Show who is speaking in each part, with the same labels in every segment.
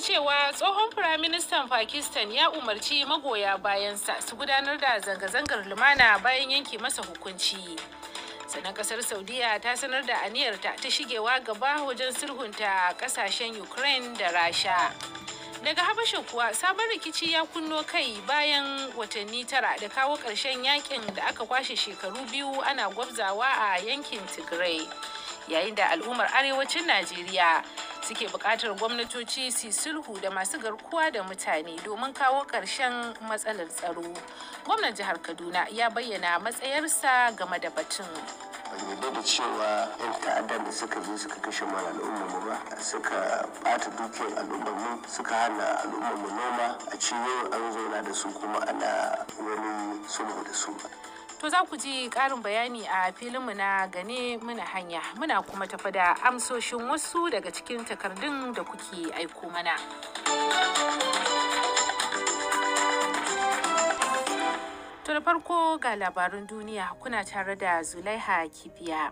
Speaker 1: cewa tsohon firaministan Pakistan ya umarci magoya bayansa su gudanar da zanga-zangar lumana bayan yanke masa hukunci. Sannan kasar Saudiya ta sanar da aniyarta ta shigewa gaba wajen sulhunta kasashen Ukraine da Rasha. Daga Habasha kuwa sabon rikici ya kunno kai bayan watanni tara da kawo ƙarshen yakin da aka kwashe shekaru biyu ana gwabzawa a yankin Tigray. Yayin da al'ummar arewacin Najeriya suke buƙatar gwamnatoci su sulhu da masu garkuwa da mutane domin kawo ƙarshen matsalar tsaro gwamnan jihar kaduna ya bayyana matsayarsa game da batun.
Speaker 2: yadda da cewa yan ta'addan da suka zo suka kashe mara al'ummarmu mu ba suka bata dukiyar al'ummar suka hana al'ummar noma a cikin an zauna da su kuma ana wani sulhu da su
Speaker 1: To za ku ji ƙarin bayani a filinmu na gane muna hanya muna kuma tafi da amsoshin wasu daga cikin takardun da kuke aiko mana. To da farko ga labarun duniya kuna tare da Zulaiha Kibiya.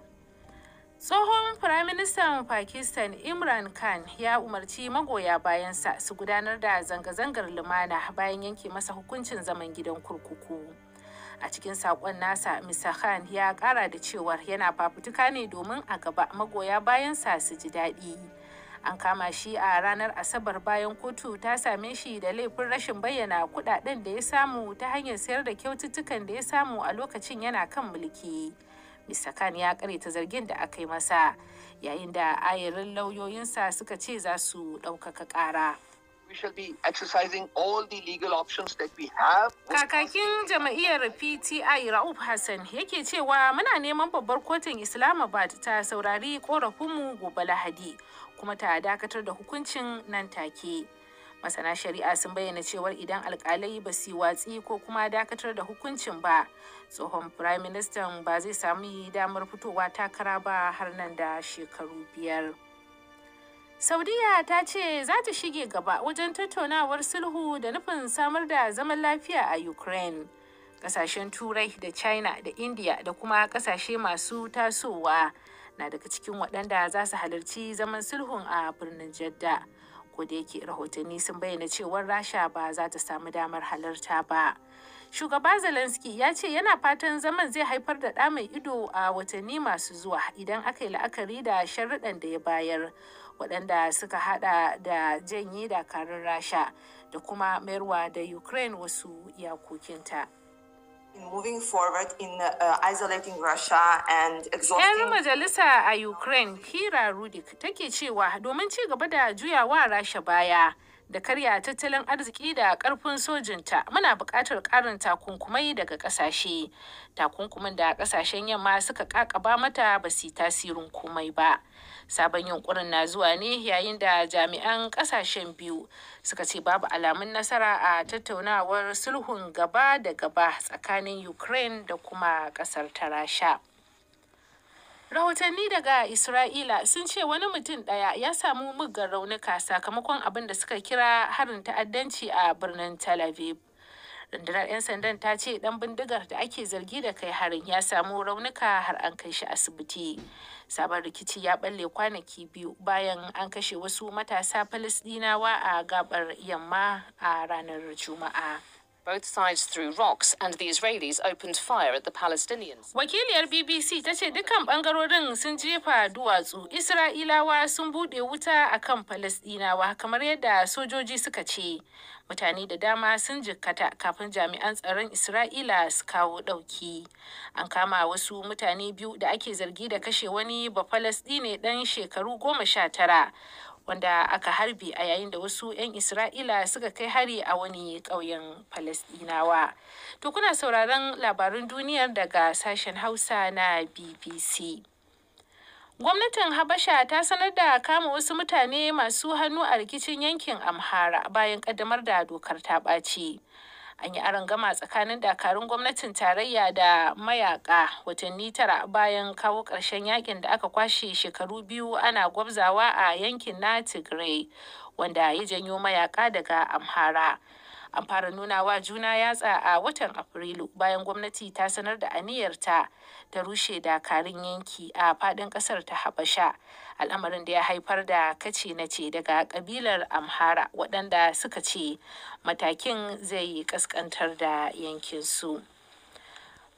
Speaker 1: Tsohon Firaministan Pakistan Imran Khan ya umarci magoya bayansa su gudanar da zanga-zangar lumana bayan yanke masa hukuncin zaman gidan kurkuku. a cikin sakon nasa mr khan ya kara da cewa yana fafutuka ne domin a gaba magoya bayansa su ji daɗi an kama shi a ranar asabar bayan kotu ta same shi da laifin rashin bayyana kudaden da ya samu ta hanyar sayar da kyaututtukan da ya samu a lokacin yana kan mulki mr khan ya ta zargin da aka yi masa yayin da ayarin lauyoyinsa suka ce za su ɗaukaka ƙara.
Speaker 2: we jama'iyyar the legal
Speaker 1: Kakakin jam'iyyar PTI ra'ub Hassan yake cewa muna neman babbar kotun Islamabad ta saurari korafinmu gobe Lahadi kuma ta dakatar da hukuncin nan take. Masana shari'a sun bayyana cewar idan alkalai ba su watsi ko kuma dakatar da hukuncin ba, tsohon firaministan Ministan ba zai sami damar fitowa takara ba har nan da shekaru biyar. Saudiya ta ce za ta shige gaba wajen tattaunawar sulhu da nufin samar da zaman lafiya a Ukraine. Kasashen Turai da China da India da kuma kasashe masu tasowa na daga cikin waɗanda za su halarci zaman sulhun a birnin Jadda. yake rahotanni sun bayyana cewar rasha ba za ta samu damar halarta ba shugaba zelensky ya ce yana fatan zaman zai haifar da ɗa mai ido a watanni masu zuwa idan aka yi la'akari da sharuɗan da ya bayar waɗanda suka hada da janye dakarun rasha da kuma mayarwa da ukraine wasu iyakokinta. moving forward uh, majalisa a Ukraine, Kira Rudik, take cewa domin ci gaba da juyawa Rasha baya. da karya tattalin arziki da karfin sojinta muna buƙatar ƙarin takunkumai daga ƙasashe takunkumin da ƙasashen yamma suka ƙaƙaba mata ba su tasirin komai ba sabon yunkurin na zuwa ne yayin da jami'an ƙasashen biyu suka ce babu alamun nasara a tattaunawar sulhun gaba da gaba tsakanin ukraine da kuma ƙasar ta rasha Rahotanni daga Isra'ila sun ce wani mutum ɗaya ya samu muggan raunuka sakamakon abin da suka kira harin ta'addanci a birnin Tel Aviv. Rundunar 'yan sandan ta ce ɗan bindigar da ake zargi da kai harin ya samu raunuka har an kai shi asibiti. Sabon rikici ya balle kwanaki biyu bayan an kashe wasu matasa Falasɗinawa a gabar yamma a ranar Juma'a. both sides threw rocks and the Israelis opened fire at the Palestinians. Wakiliyar BBC ta ce dukkan bangarorin sun jefa duwatsu. Isra'ilawa sun bude wuta akan Falastinawa kamar yadda sojoji suka ce. Mutane da dama sun jikkata kafin jami'an tsaron Isra'ila su kawo ɗauki. An kama wasu mutane biyu da ake zargi da kashe wani Bafalastine ɗan shekaru goma sha tara. wanda aka harbi a yayin da wasu 'yan Isra'ila suka kai hari a wani ƙauyen Falasɗinawa. To kuna sauraron labarun duniyar daga sashen Hausa na BBC. Gwamnatin Habasha ta sanar da kama wasu mutane masu hannu a rikicin yankin Amhara bayan kaddamar da dokar ta ɓaci. an yi aron gama tsakanin dakarun gwamnatin tarayya da mayaka watanni tara bayan kawo ƙarshen yakin da aka kwashe shekaru biyu ana gwabzawa a yankin na tigray wanda ya janyo mayaka daga amhara an fara nuna wa juna yatsa a watan afrilu bayan gwamnati ta sanar da aniyarta ta rushe dakarun yanki a faɗin ƙasar ta habasha al'amarin da ya haifar da kace na ce daga kabilar amhara waɗanda suka ce matakin zai kaskantar da yankin su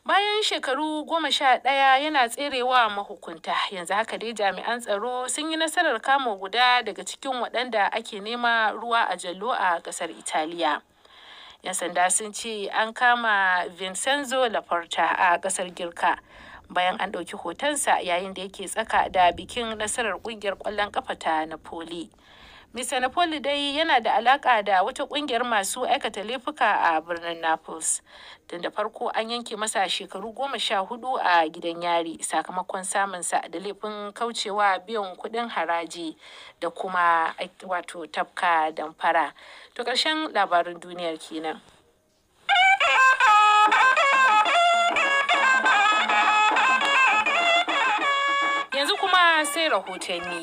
Speaker 1: bayan shekaru goma sha ɗaya yana tserewa mahukunta yanzu haka dai jami'an tsaro sun yi nasarar kama guda daga cikin waɗanda ake nema ruwa a jallo a ƙasar italiya 'yan sanda sun ce an kama vincenzo laporta a ƙasar girka bayan an ɗauki hotonsa yayin da yake tsaka da bikin nasarar ƙungiyar kwallon ƙafa ta Napoli. Mr. Napoli dai yana da alaƙa da wata ƙungiyar masu aikata laifuka a birnin Naples. Tun da farko an yanke masa shekaru goma sha hudu a gidan yari sakamakon samunsa da laifin kaucewa biyan kuɗin haraji da kuma wato tafka damfara. To ƙarshen labarin duniyar kenan. rahotanni.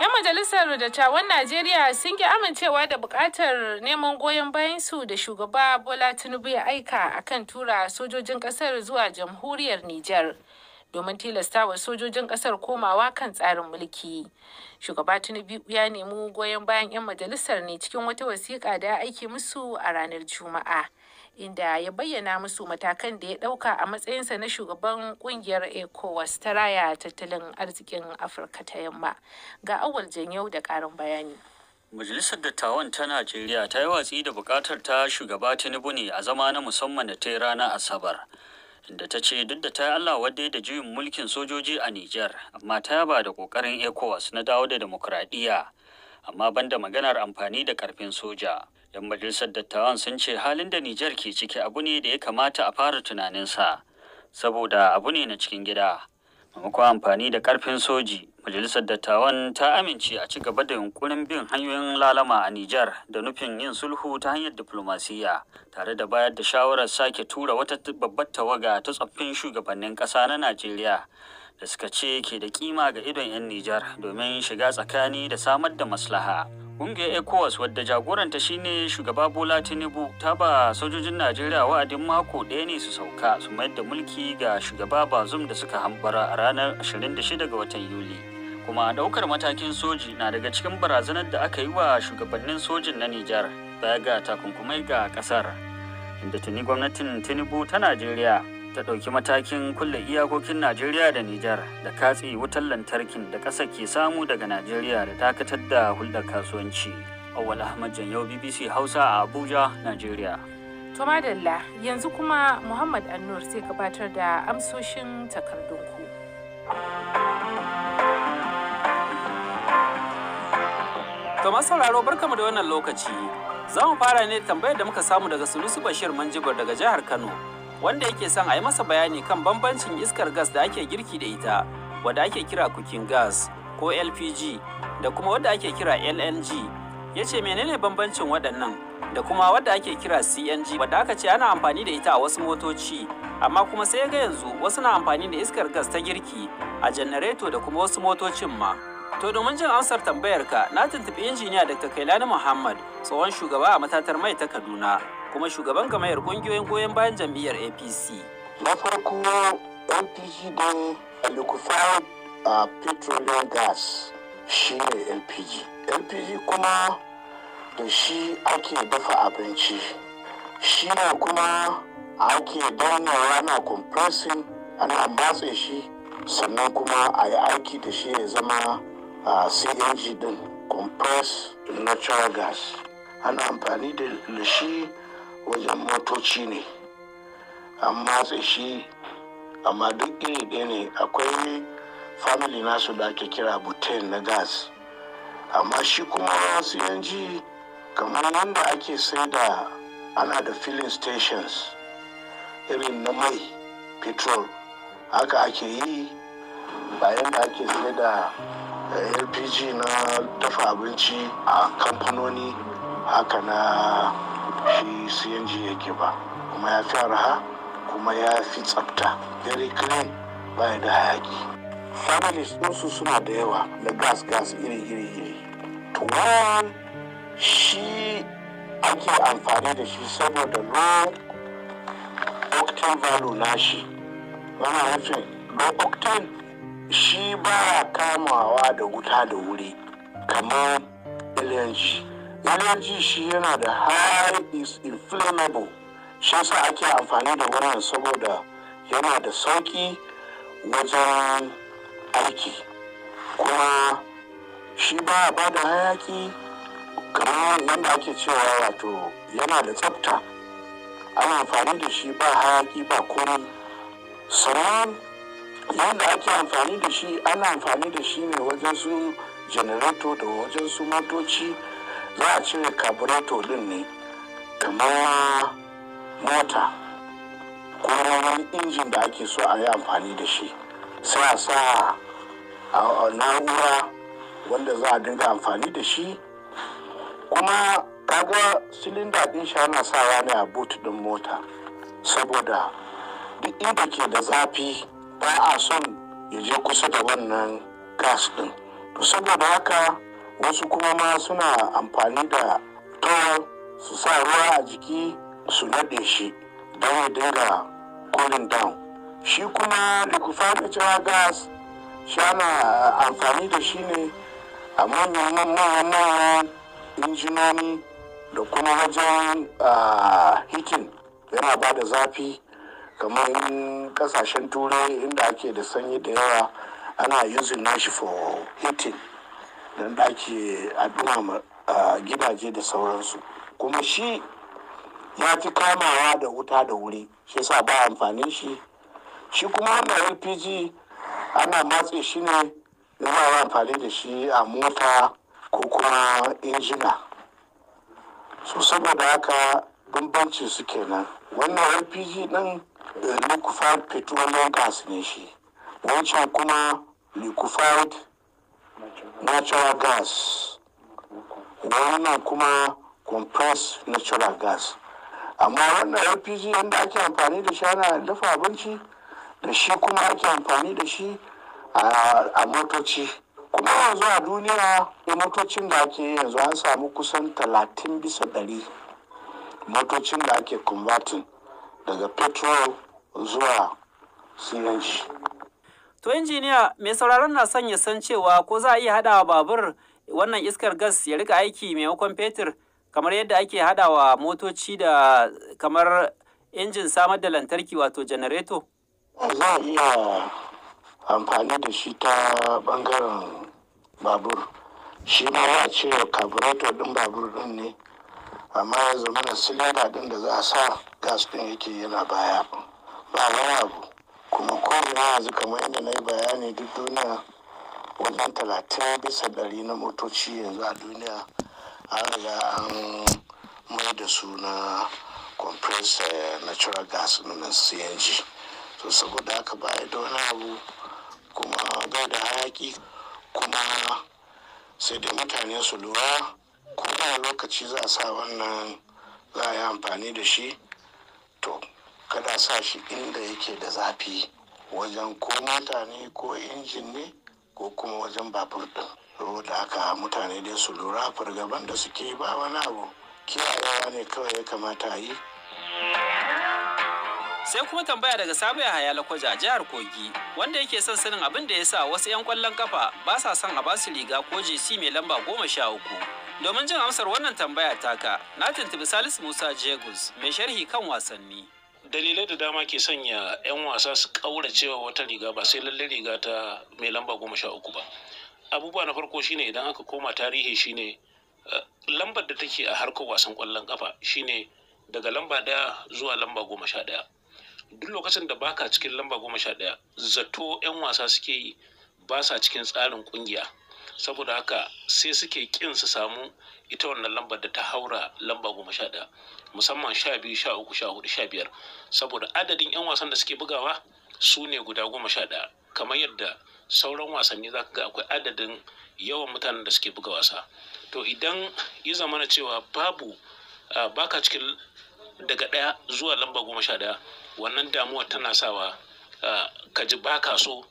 Speaker 1: 'Yan majalisar dattawan Najeriya sun ki amincewa da bukatar neman goyon bayan su da shugaba Bola Tinubu ya aika akan tura sojojin kasar zuwa jamhuriyar Nijar. domin tilasta wa sojojin kasar komawa kan tsarin mulki. Shugaba Tinubu ya nemi goyon bayan 'yan majalisar ne cikin wata wasiƙa da aiki musu a ranar Juma'a. inda ya bayyana musu matakan da ya dauka a matsayinsa na shugaban kungiyar ecowas ta raya tattalin arzikin afirka ta yamma ga awal janyau da karin bayani
Speaker 3: Majalisar Dattawan ta Najeriya ta yi watsi da bukatar ta shugaba Tinubu ne a zama na musamman da ta yi rana Asabar. Inda ta ce duk da ta yi Allah wadda da juyin mulkin sojoji a Nijar, amma ta yaba da kokarin ECOWAS na dawo da demokradiyya amma banda maganar amfani da karfin soja. 'Yan majalisar dattawan sun ce halin da Nijar ke ciki abu ne da ya kamata a fara tunaninsa, saboda abu ne na cikin gida. Maimakon amfani da ƙarfin soji, majalisar dattawan ta amince a ci gaba da yunkurin bin hanyoyin lalama a Nijar da nufin yin sulhu ta hanyar diflomasiyya, tare da bayar da shawarar sake tura wata babbar tawaga ta tsoffin shugabannin ƙasa na Najeriya. da suka ce ke da kima ga idon 'yan Nijar domin shiga tsakani da samar da maslaha. Ƙungiyar ECOWAS wadda jagoranta shine shugaba Bola Tinubu ta ba sojojin Najeriya wa'adin mako ɗaya ne su sauka su mayar da mulki ga shugaba Bazum da suka hambara a ranar 26 ga watan Yuli. Kuma ɗaukar matakin soji na daga cikin barazanar da aka yi wa shugabannin sojin na Nijar baya ga takunkumai ga ƙasar. Inda tuni gwamnatin Tinubu ta Najeriya ta ɗauki matakin kulle iyakokin Najeriya da Nijar da katse wutar lantarkin da ƙasa ke samu daga Najeriya da dakatar da hulɗar kasuwanci. Awal Ahmad Janyau BBC Hausa a Abuja, Najeriya.
Speaker 1: To madalla yanzu kuma Muhammad Annur sai gabatar da amsoshin takardunku.
Speaker 4: To sauraro barkamu da wannan lokaci. Za mu fara ne tambayar da muka samu daga Sulusu Bashir Manjibar daga jihar Kano. wanda yake son a yi masa bayani kan bambancin iskar gas da ake girki da ita wadda ake kira kukin gas ko LPG da kuma wadda ake kira LNG ya ce menene bambancin waɗannan da kuma wadda ake kira CNG wadda aka ce ana amfani da ita a wasu motoci amma kuma sai ga yanzu wasu na amfani da iskar gas ta girki a janareto da kuma wasu motocin ma. To domin jin amsar tambayarka na tuntuɓi injiniya Dr. Kailani Muhammad tsohon shugaba a matatar mai ta Kaduna kuma shugaban gamayar kungiyoyin goyon bayan jam'iyyar apc na farko lpg dai liquefied petroleum gas
Speaker 5: shi ne lpg lpg kuma da shi ake dafa abinci shi ne kuma ake daunawa na compressing ana matse shi sannan kuma a yi aiki da shi ya zama a cng din compressed natural gas ana amfani da shi wajen motoci ne an matse shi amma duk iri ɗaya ne akwai family nasu da ake kira butane na gas amma shi kuma wasu yanji kamar yadda ake sai da ana da filling stations irin na mai petrol haka ake yi bayan da ake sai da eh, lpg na dafa abinci a kamfanoni haka na Eh, shi cng yake ba kuma ya fi arha kuma ya fi tsafta very clean baya da hayaki families ɗinsu suna da yawa na gas gas iri iri iri to shi ake amfani da shi saboda low octane value nashi wani nufin low octane shi baya kamawa da wuta da wuri kamar LNG. allergy shi yana da high is inflammable shi sa ake amfani da wurin saboda yana da sauki wajen aiki kuma shi ba ba da hayaki kamar yadda ake cewa wato yana da tsafta ana amfani da shi ba hayaki ba kuma sannan yadda ake amfani da shi ana amfani da shi ne wajen su janareto da wajen su motoci za a cire kabureto din ne kamar mota ko wani injin da ake so a yi amfani da shi sai a sa na'ura wanda za a dinga amfani da shi kuma kaga silinda din sha na sa ne a boot din mota saboda duk inda ke da zafi ba a son ya je kusa da wannan gas din to saboda haka wasu kuma ma suna amfani da towel su sa ruwa a jiki su naɗe shi don ya dinga cooling down shi kuma liquefied gas shi ana amfani da shi ne a manyan manyan injinoni da kuma wajen hitin yana ba da zafi kamar kasashen turai inda ake da sanyi da yawa ana using nashi for hitting don a ake addu'a gidaje da sauransu kuma shi ya fi kamawa da wuta da wuri shi sa ba amfanin shi shi kuma wannan lpg ana matse shi ne yana amfani da shi a mota ko kuma injina su saboda haka bambancin su kenan wannan lpg din eh, liquefied petroleum gas ne shi wancan kuma liquefied natural gas da wannan kuma compressed natural gas amma wannan lpg yadda ake amfani da shi ana dafa abinci da shi kuma ake amfani da shi a motoci kuma yanzu a duniya motocin da ake yanzu an samu kusan 30 bisa 100 motocin da ake converting daga petrol zuwa cng
Speaker 4: To injiniya mai sauraron na son ya san cewa ko za a iya haɗawa babur wannan iskar gas ya rika aiki maimakon fetur kamar yadda ake haɗa wa motoci da kamar injin samar da lantarki wato janareto? Za a iya amfani da shi ta ɓangaren babur.
Speaker 5: Shi ma ya ce ɗin babur ɗin ne, amma ya zama da silada ɗin da za a sa gas ɗin yake yana baya ba wani abu. kuma ko'ina yanzu kamar inda na yi bayani duk duniya wajen talatin bisa ɗari na motoci yanzu a duniya an riga an mai da su na compressed eh, natural gas na cng to saboda haka ba ya wani abu kuma bai da hayaki kuma sai dai mutane su lura kuma lokaci za a sa wannan za a yi amfani da shi to kada sa shi inda yake da zafi wajen ko mutane ko injin ne ko kuma wajen babur ɗin saboda haka mutane dai su lura fargaban da suke ba wani abu kiyayewa ne kawai ya kamata yi
Speaker 4: sai kuma tambaya daga sabon yahaya lakwaja a jihar kogi wanda yake son sanin abin da ya sa wasu 'yan kwallon kafa ba sa son a basu riga ko jesi mai lamba goma sha uku domin jin amsar wannan tambaya taka na tuntubi salisu
Speaker 6: musa jegus mai sharhi kan wasanni dalilai da dama ke sanya 'yan wasa su ƙauracewa wata riga ba sai lallai riga ta mai lamba goma sha uku ba abubuwa na farko shine idan aka koma tarihi shine eh, lambar da take a harkar wasan kwallon kafa shine daga lamba daya zuwa lamba goma sha daya duk lokacin da baka cikin lamba goma sha daya zato 'yan wasa suke yi ba sa cikin tsarin kungiya saboda haka sai suke kin su samu ita wannan lambar da ta haura lamba goma sha ɗaya musamman sha biyu sha uku sha hudu sha biyar saboda adadin 'yan wasan da suke bugawa su ne guda goma sha ɗaya kamar yadda sauran wasanni za ka ga akwai adadin yawan mutanen da suke buga wasa to idan ya zamana cewa babu baka cikin daga ɗaya zuwa lamba goma sha ɗaya wannan damuwa tana sawa ka ji baka so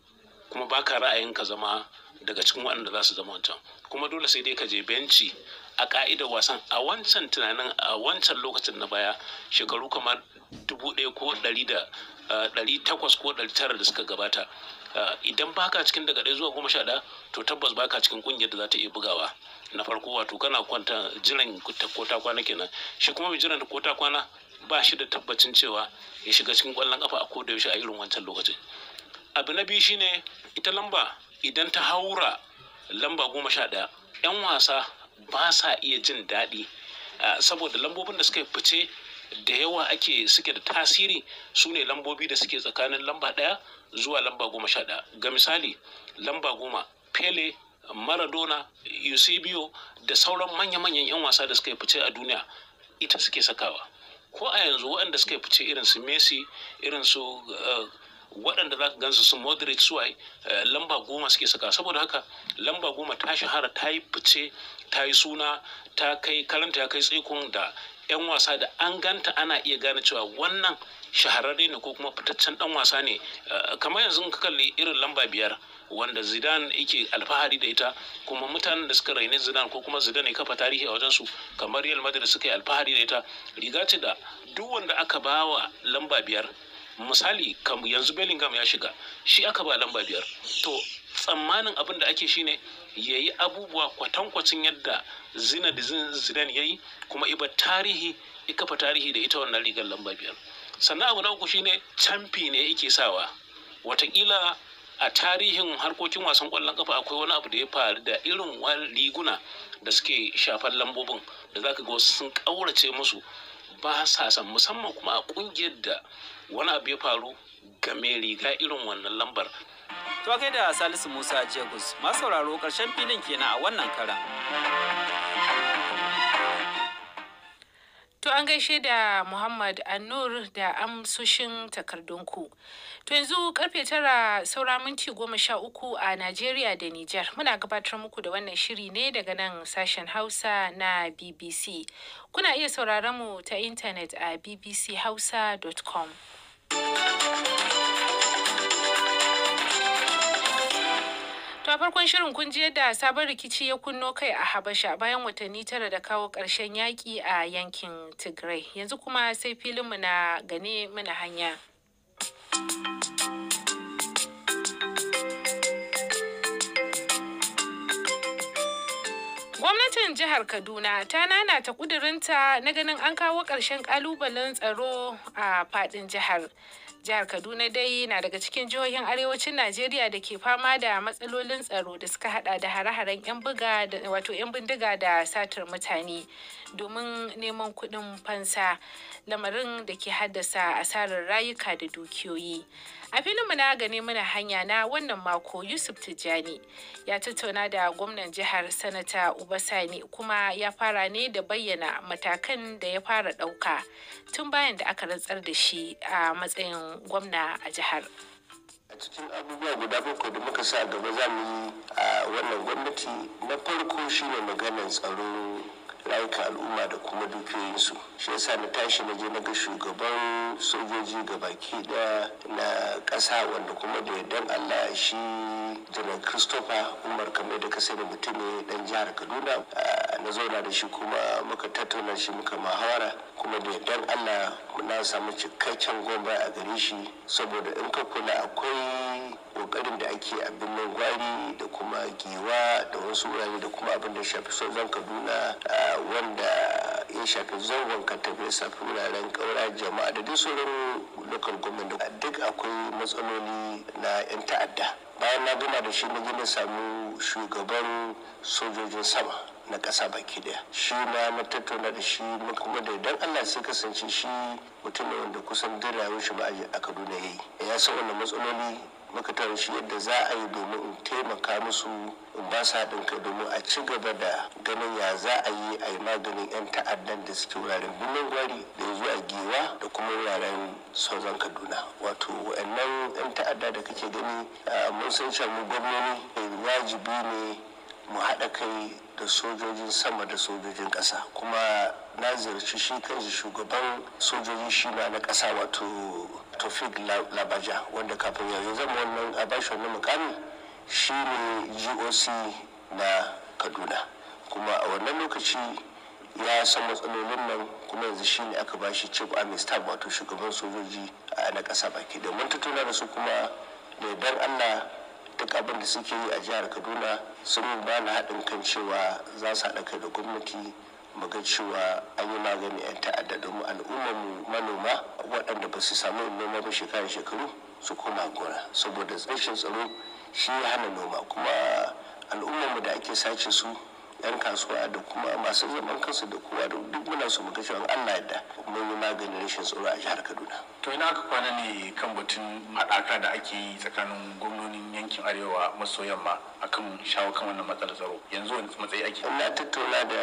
Speaker 6: kuma baka ra'ayin ka zama daga cikin waɗanda za su zama wancan kuma dole sai dai ka je benci a ka'idar wasan a wancan tunanin a wancan lokacin na baya shekaru kamar dubu ɗaya ko ɗari da ɗari takwas ko ɗari tara da suka gabata idan baka cikin daga ɗaya zuwa goma sha ɗaya to tabbas baka cikin ƙungiyar da za ta iya bugawa na farko wato kana kwanta jiran ko ta kwana kenan shi kuma mai jiran ko ta kwana ba shi da tabbacin cewa ya shiga cikin ƙwallon ƙafa a koda yaushe a irin wancan lokacin abu na biyu shine ita lamba idan ta haura lamba goma sha ɗaya 'yan wasa ba sa iya jin daɗi saboda lambobin da suka fice da yawa ake suke da tasiri su ne lambobi da suke tsakanin lamba ɗaya zuwa lamba goma sha ɗaya ga misali lamba goma pele maradona eusebio da sauran manya-manyan 'yan wasa da suka fice a duniya ita suke sakawa ko a yanzu waɗanda suka fice irin su messi irin su uh, waɗanda za ka gansu su moderate suwaye eh, lamba goma suke saka saboda haka lamba goma ta shahara ta yi fice ta yi suna ta kai karanta ya kai tsikon da 'yan wasa da an ganta ana iya gane cewa wannan shahararre ne ko kuma fitaccen dan wasa ne eh, kamar yanzu ka kalli irin lamba biyar wanda zidane yake alfahari da ita kuma mutanen da suka raine zidane ko kuma zidane ya kafa tarihi a wajensu kamar real madrid suka yi alfahari da ita riga ce da duk wanda aka bawa lamba biyar misali yanzu bellingham ya shiga shi aka ba lamba biyar to tsammanin abin da ake shine ya yi abubuwa kwatankwacin yadda zina da zidan ya yi kuma iba tarihi ikafa tarihi da ita wannan rigar lamba biyar sannan abu na uku shine camfi ne yake sawa watakila a tarihin harkokin wasan kwallon kafa akwai wani abu da ya faru da irin riguna da suke shafar lambobin da zaka ga wasu sun kaurace musu ba sa san musamman kuma a kungiyar da wani abu ya faru ga mai riga irin wannan lambar to da salisu musa jegus masu sauraro ƙarshen filin kenan a
Speaker 4: wannan karan
Speaker 1: To an gaishe da Muhammad Anur da amsoshin takardunku. To yanzu karfe tara saura minti goma sha uku a Najeriya da Nijar. Muna gabatar muku da wannan shiri ne daga nan sashen Hausa na BBC. Kuna iya sauraron mu ta intanet a bbchausa.com. To a farkon shirin kun ji yadda sabon rikici ya kunno kai a Habasha bayan watanni tara da kawo ƙarshen yaƙi a yankin Tigray. Yanzu kuma sai filinmu na gane muna hanya. Gwamnatin jihar Kaduna ta nana ta ƙudurinta na ganin an kawo ƙarshen ƙalubalen tsaro a faɗin jihar. jihar kaduna dai na daga cikin jihohin arewacin najeriya da ke fama da matsalolin tsaro da suka hada da hare-haren 'yan buga wato 'yan bindiga da satar mutane domin neman kuɗin fansa lamarin da ke haddasa asarar rayuka da dukiyoyi a filinmu na gani muna hanya na wannan mako yusuf tijjani ya tattauna da gwamnan jihar sanata ubasani kuma ya fara ne da bayyana matakan da ya fara ɗauka tun bayan da aka rantsar da shi a matsayin gwamna a jihar
Speaker 2: a cikin abubuwa guda bakwai da muka sa gaba za mu yi a wannan gwamnati na farko shine maganar tsaro rayuka al'umma da kuma dukiyoyinsu shi yasa na tashi na je na ga shugaban sojoji ga baki da na ƙasa wanda kuma da yardan allah shi janar christopher umar kamar da kasa da mutum ne dan jihar kaduna ah, na zauna da shi kuma muka tattauna shi muka mahawara kuma da yardan allah na samu cikakken gombe a gare shi saboda in ka kula akwai kokarin da ake a birnin gwari da kuma giwa da wasu wurare da kuma abin da shafi zan kaduna wanda ya shafi zangon kantafi safi wuraren kaura jama'a da dai sauran lokal gwamnati duk akwai matsaloli na 'yan ta'adda bayan na gama da shi na gina samu shugaban sojojin sama na ƙasa baki daya shi ma na tattauna da shi kuma da idan allah sai kasance shi mutumin wanda kusan duk rayuwar shi ba a kaduna ya yi ya san wannan matsaloli makatar shi yadda za a yi domin in taimaka musu in ba su haɗin ka domin a ci gaba da ganin ya za a yi a yi maganin 'yan ta'addan da suke wuraren birnin gwari da ya zuwa giwa da kuma wuraren sauran kaduna wato wa'annan 'yan ta'adda da kake gani mun san mu gwamnoni wajibi ne mu haɗa kai da sojojin sama da sojojin ƙasa kuma na ziyarci shi kanshi shugaban sojoji shi na ƙasa wato tofik labaja wanda kafin yanzu zama wannan a bashi wannan mukami shi ne goc na kaduna kuma a wannan lokaci ya san matsalolin nan kuma yanzu shi ne aka bashi chief army staff wato shugaban sojoji a na ƙasa baki domin tattauna da su kuma da dan allah duk abin da suke yi a jihar kaduna sun ba na haɗin kan cewa za su haɗa kai da gwamnati mu ga cewa an yi magani 'yan ta'adda domin al'ummar mu manoma waɗanda ba su samu noma ba shekaru shekaru su koma gona saboda rashin tsaro shi ya hana noma kuma al'ummar mu da ake sace su yan kasuwa da kuma masu zaman kansu da kowa da duk muna su muka cewa Allah yadda mun yi maganin rashin tsoro a jihar Kaduna. To ina aka kwana ne kan batun haɗaka da ake
Speaker 7: yi tsakanin gwamnonin yankin Arewa maso yamma akan shawo kan wannan matsalar tsaro yanzu wani
Speaker 2: matsayi ake. ina tattauna da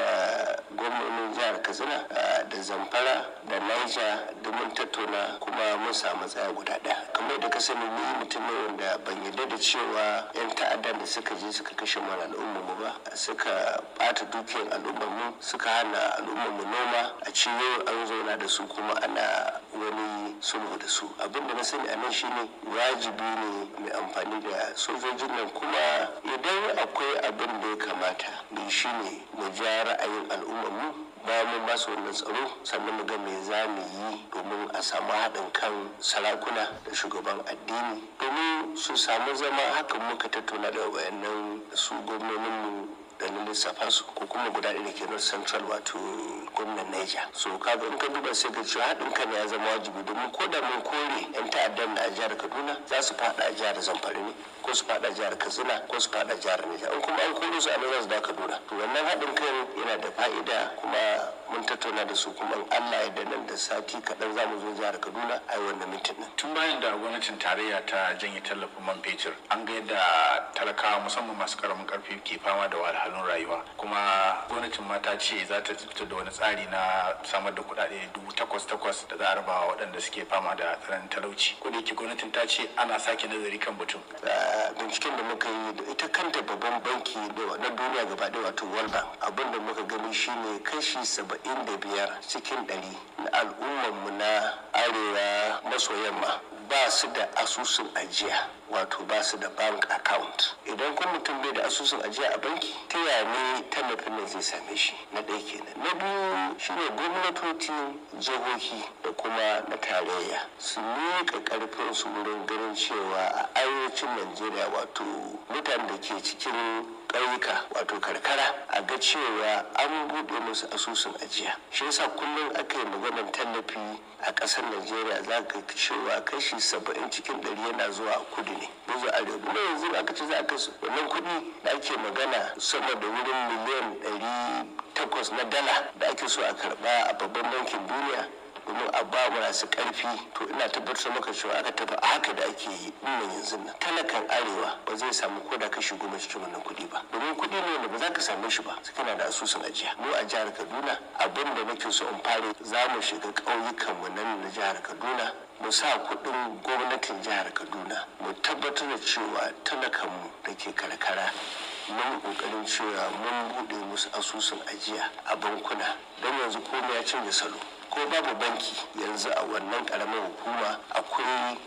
Speaker 2: gwamnonin jihar Katsina da Zamfara da Niger da mun tattauna kuma mun samu tsaya guda ɗaya. Kamar da ka sani ni mutum ne wanda ban yarda da cewa 'yan ta'adda da suka je suka kashe mara al'umma mu ba suka bata dukiyar al'ummarmu suka hana al'ummar mu noma a ce yau an zauna da su kuma ana wani sulhu da su abin da na sani a nan shine wajibi ne mai amfani da sojojin nan kuma idan akwai abin da ya kamata mu shine mu ja ra'ayin al'ummarmu bayan mun ba su wannan tsaro sannan mu ga me za mu yi domin a samu haɗin kan sarakuna da shugaban addini domin su samu zama hakan muka tattauna da wayannan su gwamnoninmu ganin na lissafa su ko kuma guda ɗaya ke nan central wato gwamnan niger so kaga in ka duba sai ka cewa haɗin kan ya zama wajibi domin ko da mun kore 'yan ta'addan da a jihar kaduna za su faɗa a jihar zamfara ne ko su fada jihar katsina ko su fada jihar niger in kuma an koro su a nan za kaduna to wannan haɗin kan yana da fa'ida kuma mun tattauna da su kuma allah ya nan da sati kaɗan zamu zo jihar kaduna a yi wannan mintin nan. tun bayan da gwamnatin tarayya ta janye
Speaker 7: tallafin man fetur an ga yadda talakawa musamman masu karamin karfi ke fama da wahalhalun rayuwa kuma gwamnatin ma ta ce za ta fito da wani tsari na samar da kuɗaɗe dubu takwas takwas da za a rabawa waɗanda suke fama da tsananin talauci ko da yake gwamnatin ta ce ana sake nazari
Speaker 5: kan batun.
Speaker 2: Ah, binciken da muka yi da ita kanta babban banki na duniya gaba ɗaya wato world bank abin da muka gani shine kashi saba'in da biyar cikin ɗari na al'ummarmu na arewa maso yamma ba su da asusun ajiya wato ba su da bank account idan kuma mutum bai da asusun ajiya a banki ta yaya ne tallafin nan zai same shi na ɗaya kenan na biyu shine gwamnatoci jihohi da kuma na tarayya su miƙa ƙarfin su wurin ganin cewa a arewacin najeriya wato mutane da ke cikin ƙauyuka wato karkara a ga cewa an buɗe musu asusun ajiya shi yasa kullum aka yi maganar tallafi a ƙasar najeriya za ka cewa kashi saba'in cikin ɗari yana zuwa kudu ne yanzu arewa kuma yanzu aka ce za a kai wannan kuɗi da ake magana sama da wurin miliyan ɗari takwas na dala da ake so a karɓa a babban bankin duniya domin a ba su karfi to ina tabbatar maka cewa aka tafi haka da ake yi nan yanzu na talakan arewa ba zai samu ko da kashi goma cikin wannan kuɗi ba domin kuɗi ne wanda ba za ka same shi ba su kana da asusun ajiya mu a jihar kaduna abin da nake so in fara za mu shiga mu nan na jihar kaduna mu sa kuɗin gwamnatin jihar kaduna mu tabbatar da cewa talakan mu da ke karkara mun kokarin cewa mun buɗe musu asusun ajiya a bankuna don yanzu komai ya canza salo ko babu banki yanzu a wannan ƙaramin hukuma akwai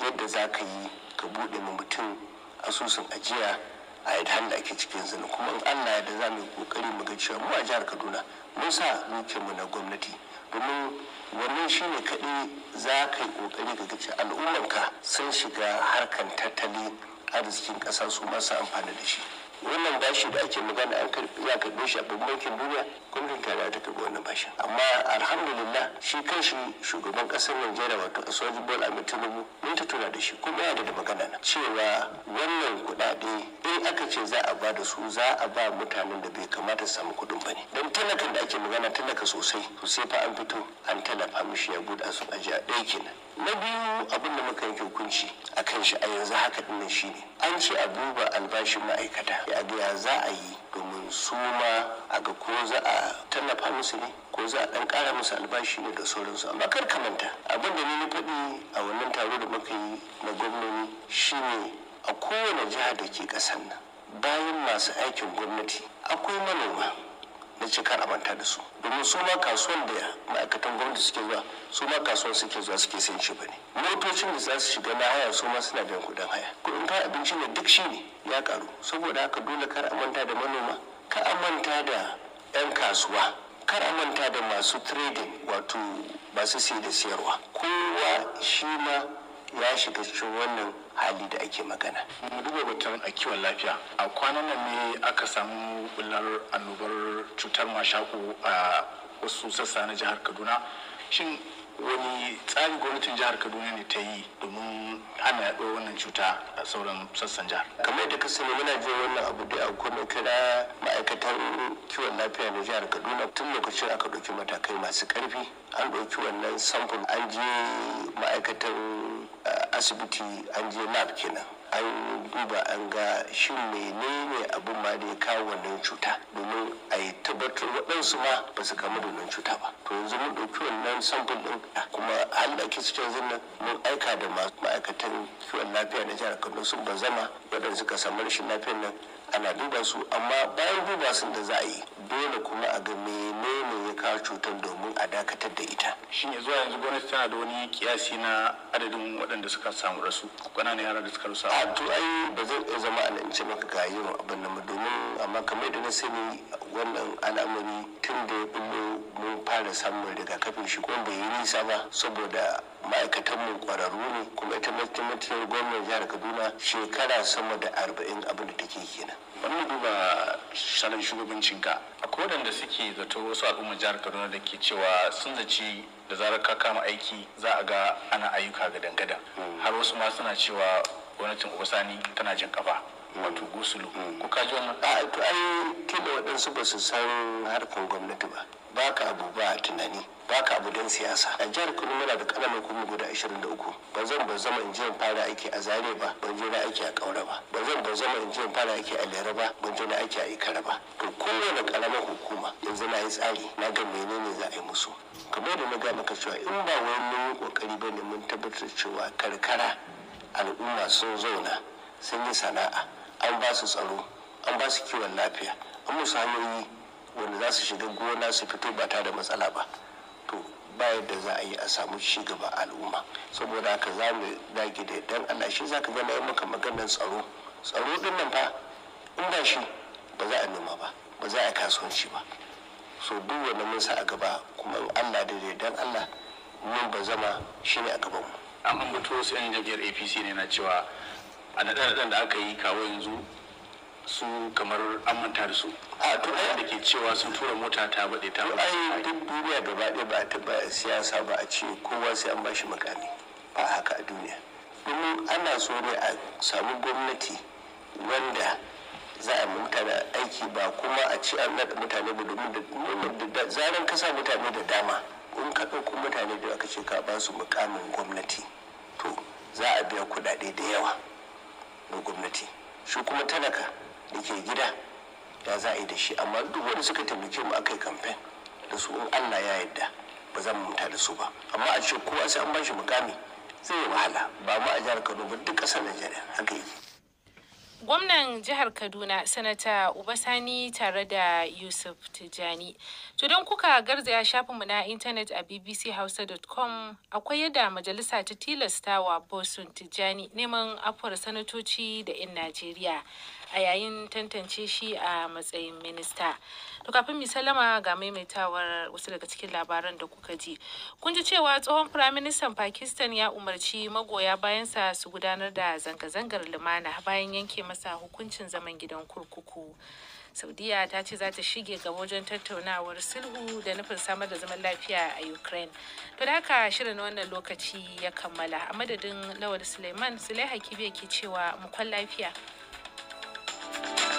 Speaker 2: yadda za ka yi ka buɗe ma mutum asusun ajiya a yadda hannu ake cikin zina kuma in allah yadda za mu yi kokari mu ga cewa mu a jihar kaduna mun sa mu na gwamnati domin wannan shi ne kaɗai za ka yi ƙoƙari ka gaci sun shiga harkan tattali arzikin ƙasa su masu amfani da shi wannan bashi da ake magana an karɓi ya karɓe shi a bankin duniya gwamnati ta ta karɓi wannan bashin amma alhamdulillah shi kanshi shugaban ƙasar najeriya wato Asoji bola ahmed tinubu mun tura da shi kuma ya da magana na cewa wannan kuɗaɗe in aka ce za a ba da su za a ba mutanen da bai kamata su samu kuɗin ba ne don talakan da ake magana talaka sosai sai fa an fito an talafa mishi ya buɗe su a ɗaya kenan na biyu abin da muka yanke hukunci a kan shi a yanzu haka dinnan shi ne an ce a duba albashin ma'aikata ya za a yi domin su ma a ga ko za a tallafa musu ne ko za a ɗan kara musu albashi ne da sauransu amma kar ka manta abin da ni na faɗi a wannan taro da muka yi na gwamnoni shine a kowane jiha da ke ƙasar nan bayan masu aikin gwamnati akwai manoma na cikar amanta da su domin su ma kasuwan da ma'aikatan gwamnati suke zuwa su ma kasuwan suke zuwa suke sayan shi bane motocin da za su shiga na haya su ma suna biyan kuɗin haya kuɗin kayan abinci ne duk shi ne ya karu saboda haka dole kar manta da manoma ka amanta da 'yan kasuwa kar manta da masu trading wato masu sai da siyarwa kowa shi ma ya shiga cikin wannan hali
Speaker 7: da ake magana. mu duba batun a kiwon lafiya a kwanan nan ne aka samu bular annobar cutar mashaku a wasu sassa na jihar kaduna shin wani tsarin gwamnatin jihar kaduna ne ta yi domin hana yaɗuwar wannan cuta
Speaker 2: a sauran sassan jihar kamar yadda ka sani muna jin wannan abu da a gwamnati kira ma'aikatan kiwon lafiya na jihar kaduna tun lokacin aka ɗauki matakai masu ƙarfi an ɗauki wannan samfur an je ma'aikatan eh, asibiti an je lab kenan an duba an ga shin menene abin ma da ya kawo wannan cuta domin a yi tabbatar waɗansu ma ba su kamu da wannan cuta ba to yanzu mun ɗauki wannan samfur ɗin kuma har da su canzin nan mun aika da ma'aikatan kiwon lafiya na jihar kano sun bazama waɗanda suka samu rashin lafiyar nan ana duba su amma bayan duba sun da za a yi dole kuma a ga menene ya kawo cutar domin a dakatar da ita shi
Speaker 7: ne zuwa yanzu gwamnati tana da wani kiyasi na adadin waɗanda suka samu rasu ƙananan yara da suka
Speaker 2: rasu a to ai ba zai iya zama ana ce maka ga yawan abin nan domin amma kamar da na sani wannan al'amari tun da ya bullo mun fara samun rigakafin shi kuma bai yi nisa ba saboda ma'aikatanmu kwararru ne kuma ita matamatar gwamnan jihar kaduna shekara sama da arba'in abin da take kenan wannan duba salon
Speaker 7: shugabancinka akwai da suke zato wasu al'ummar jihar kaduna da ke cewa sun zaci da zarar ka kama aiki za a ga ana ayyuka ga dangada hmm. har wasu ma suna cewa gwamnatin
Speaker 2: obasani tana jin kafa hmm. wato gusulu hmm. ko ka ji wannan a to ai tunda waɗansu ba su san harkar gwamnati ba Ba ka abu ba tunani baka abu don siyasa a jihar kudu muna da kalamar kuma guda 23 ba zan ba zama in je fara aiki a zare ba ban je na aiki a kaura ba ba zan ba zama in je fara aiki a lera ba ban je na aiki a ikara ba to kowane kalamar hukuma yanzu na yi tsari na ga menene za a yi musu kamar da na ga maka cewa in ba wani mun kokari ba ne mun tabbatar cewa karkara al'umma sun zauna sun yi sana'a an ba su tsaro an ba su kiwon lafiya an musu hanyoyi wanda za su shiga gona su fito ba tare da matsala ba to ba yadda za a yi a samu ci gaba al'umma saboda haka za mu dage da dan Allah shi zaka ga na maka maganar tsaro tsaro din nan fa in ba shi ba za a noma ba ba za a kasuwanci ba so duk wanda mun sa a gaba kuma in Allah da dan Allah mun ba zama shi ne a gaban mu amma mutum wasu 'yan jam'iyyar apc ne na cewa
Speaker 7: a naɗe-naɗen da aka yi kawo yanzu su kamar an manta da su a to
Speaker 2: ai da ke cewa sun tura mota ta bade ta ai duk duniya gaba ɗaya ba ta ba siyasa ba a ce kowa sai an bashi makami ba haka a duniya domin ana so ne a samu gwamnati wanda za a manta da aiki ba kuma a ce an naɗa mutane ba domin da zaran ka mutane da dama in ka ɗauko mutane da aka ce ka ba su mukamin gwamnati to za a biya kuɗaɗe da yawa na gwamnati shi kuma talaka yake gida ya za a yi da shi amma duk wanda suka taimake mu aka yi kamfen da su in allah ya yarda ba za mu mutu da su ba amma a ce kowa sai an ba shi mukami zai yi wahala ba mu a jihar kano ba duk ƙasar najeriya haka yake
Speaker 1: gwamnan jihar kaduna sanata uba sani tare da yusuf tijani to don kuka garzaya shafinmu na intanet a bbchausa.com akwai yadda majalisa ta tilasta wa bosun tijani neman afuwar sanatoci da 'yan najeriya a yayin tantance shi a matsayin minista to kafin mu salama ga maimaitawar wasu daga cikin labaran da kuka ji kun ji cewa tsohon firaministan pakistan ya umarci magoya bayansa su gudanar da zanga-zangar lumana bayan yanke masa hukuncin zaman gidan kurkuku saudiya ta ce za ta shige ga wajen tattaunawar sulhu da nufin samar da zaman lafiya a ukraine to da haka shirin wannan lokaci ya kammala a madadin lawal suleiman sulaiha kibe ke cewa mukwan lafiya Thank you.